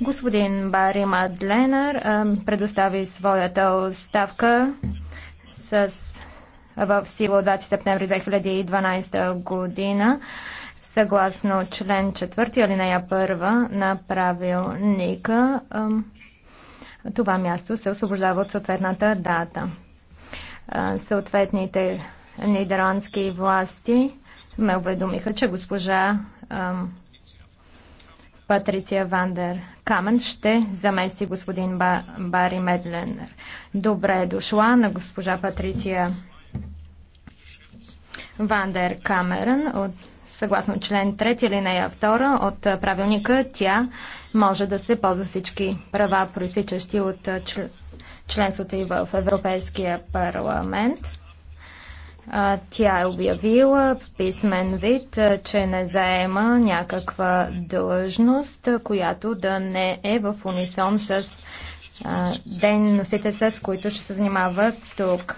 Господин Бари Мадленър предостави своята оставка с, в сила от 20 септември 2012 година съгласно член 4 алинея 1 на правилника. Това място се освобождава от съответната дата. Съответните нидерландски власти ме уведомиха, че госпожа Патриция Вандер Камен ще замести господин Ба, Бари Медленер. Добре е дошла на госпожа Патриция Вандер Камерън от съгласно член 3 нея 2 от правилника тя може да се ползва всички права, проистичащи от член, членството и в Европейския парламент. Тя е обявила в писмен вид, че не заема някаква длъжност, която да не е в унисон с дейностите, с които ще се занимава тук.